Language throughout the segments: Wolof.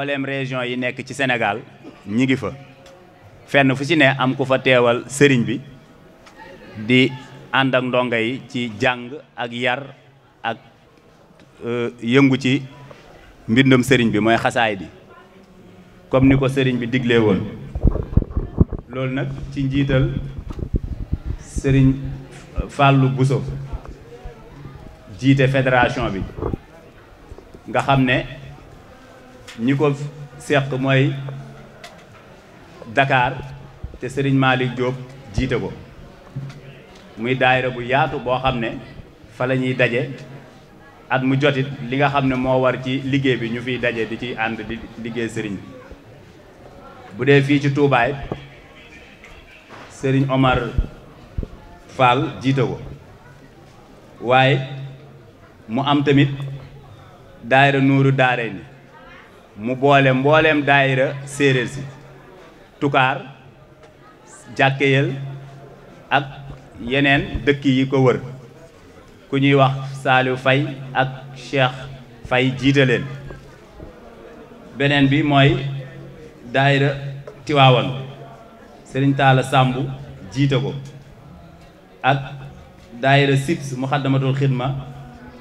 mbooleem région yi nekk ci senegal ñi ngi fa fenn fu ci ne am ku fa teewal sëriñ bi di ànd ak ndongo yi ci jàng ak yar ak euh, yëngu ci mbindum sëriñ bi mooy xasaay bi comme ni ko sëriñ bi diglee woon loolu nag ci njiital sëriñ Fallou buso jiite fédération bi nga xam ne ñi ko seq mooy Dakar te Serigne Malick Diop jiite ko muy daayira bu yaatu boo xam ne fa la ñuy daje at mu jotit li nga xam ne moo war ci liggéey bi ñu fiy daje di ci ànd di liggéey sëriñ bi bu dee fii ci Touba it Omar Fall jiite ko waaye mu am tamit daayira nuuru daare ni mu boole mbooleem daayira séeréer si tukaar jàkkeyal ak yeneen dëkk yi ko wër ku ñuy wax Saliou fay ak Cheikh fay jiite leen beneen bi mooy daayira Tiwaawan Sëriñ Taala sàmbu jiite ko ak daayira SIPS Muxaddamatul Xidma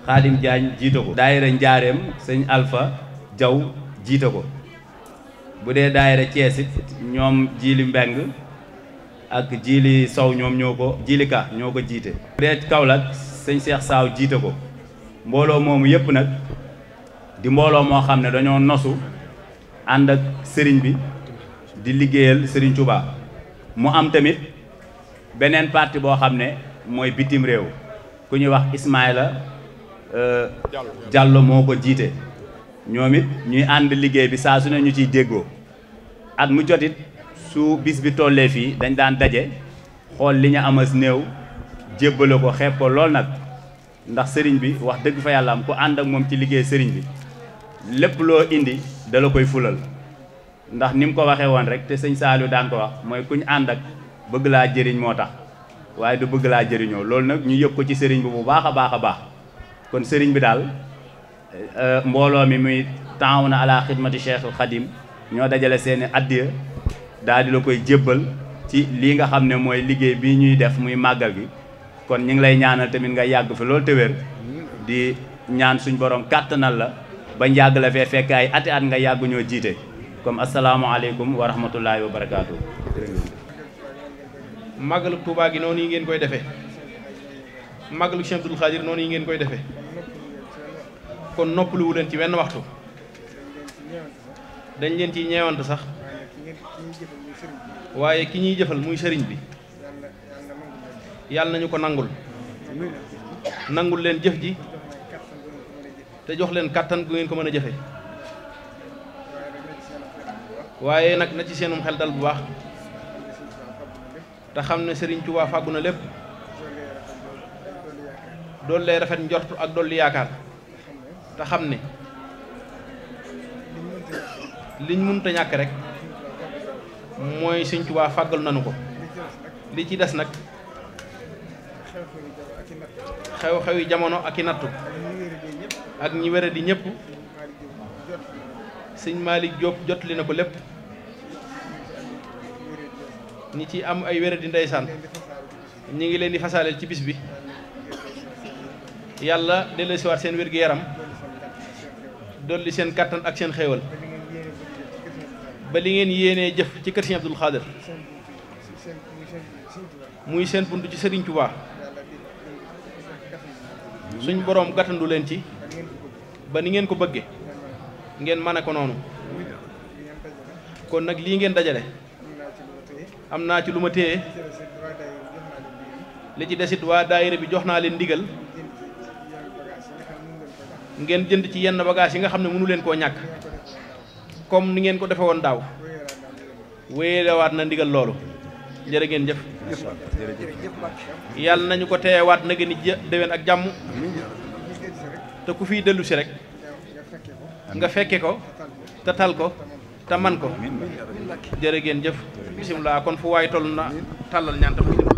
Xaadim Jaañ jiite ko daayira Njaareem Sëñ alfa Jaw jiite ko bu dee daayira Thiès ñoom Jili Mbeng ak Jili Sow ñoom ñoo ko Jili Ka ñoo ko jiite bu dee Kaolack sëñ Cheikh Saaw jiite ko mbooloo moomu yépp nag di mbooloo moo xam ne dañoo nosu ànd ak sëriñ bi di liggéeyal sëriñ Touba mu am tamit beneen parti boo xam ne mooy bitim réew ku ñuy wax Ismaïla euh, Diallo moo ko jiite ñoom it ñuy ànd liggéey bi saa su ne ñu ciy déggoo at mu jotit su bis bi tollee fii dañ daan daje xool li ñu amas néew jébbale ko xeeb ko lool nag ndax sëriñ bi wax dëgg fa yàlla am ku ànd ak moom ci liggéey sëriñ bi lépp loo indi dala koy fulal ndax ni mu ko waxee woon rek te sëñ Saliou daan ko wax mooy kuñ ànd ak bëgg laa jëriñ moo tax waaye du bëgg laa jëriñoo loolu nag ñu yëg ko ci sëriñ bi bu baax a baax a baax kon sëriñ bi daal Euh, mbooloo mi muy taawuna ala xidmati cheikhul xadim ñoo dajale seeni addiya daal di la koy jébbal ci lii nga xam ne mooy liggéey bi ñuy def muy màggal gi kon ñu ngi lay ñaanal tamit nga yàgg fi loolu te wér di ñaan suñ borom kàttanal la ba yàgg la fee fekk ay ati at nga yàgg ñoo jiite comme asalaamaaleykum wa rahmatullahi wa barakaatu. màggalu Tuubaa gi noonu yi ngeen koy defee màggalu Cheikh Abdoul Khadir noonu yi ngeen koy defee kon noppaluwu leen ci wenn waxtu dañ leen ci ñeewante sax waaye ki ñuy jëfal muy sëriñ bi yàlla nañu ko nangul nangul leen jëf ji te jox leen kàttan gu ngeen ko mën a jëfe waaye nag na ci seenum xel dal bu baax te xam ne Sëriñ Tuubaa fàggu na lépp doolu lay rafet njort ak dolli yaakaar te xam ne liñ mënta ñàkk rek mooy Sëñ Tuubaa fàggal nañu ko li ci des nag xew-xewi jamono ak i nattu ak ñi wére di ñëpp Sëñ Malick jot jotli na ko lépp ñi ci am ay wére di ndeysaan ñi ngi leen di fasaale ci bis bi yàlla delloosiwaat seen wér-gu-yaram dolli seen kattan ak seen xéewal ba li ngeen yéene jëf ci kër Sëriñ Abdul muy seen bunt ci Sëriñ Tuubaa suñ boroom gàttandu leen ci ba ni ngeen ko bëggee ngeen mën ko noonu kon nag lii ngeen dajale am naa ci lu ma téye li ci desit waa daayira bi jox naa leen ndigal ngeen jënd ci yenn bagage yi nga xam ne mënu leen koo ñàkk comme ni ngeen ko defe woon daaw wéyelewaat na ndigal loolu jërë ngeen jëf nañu ko teewaat na gën a déwén ak jàmm te ku fiy dellu si rek nga fekke ko te tal ko te man ko jërë ngeen jëf laa kon fu waay toll na tàllal ñaan tam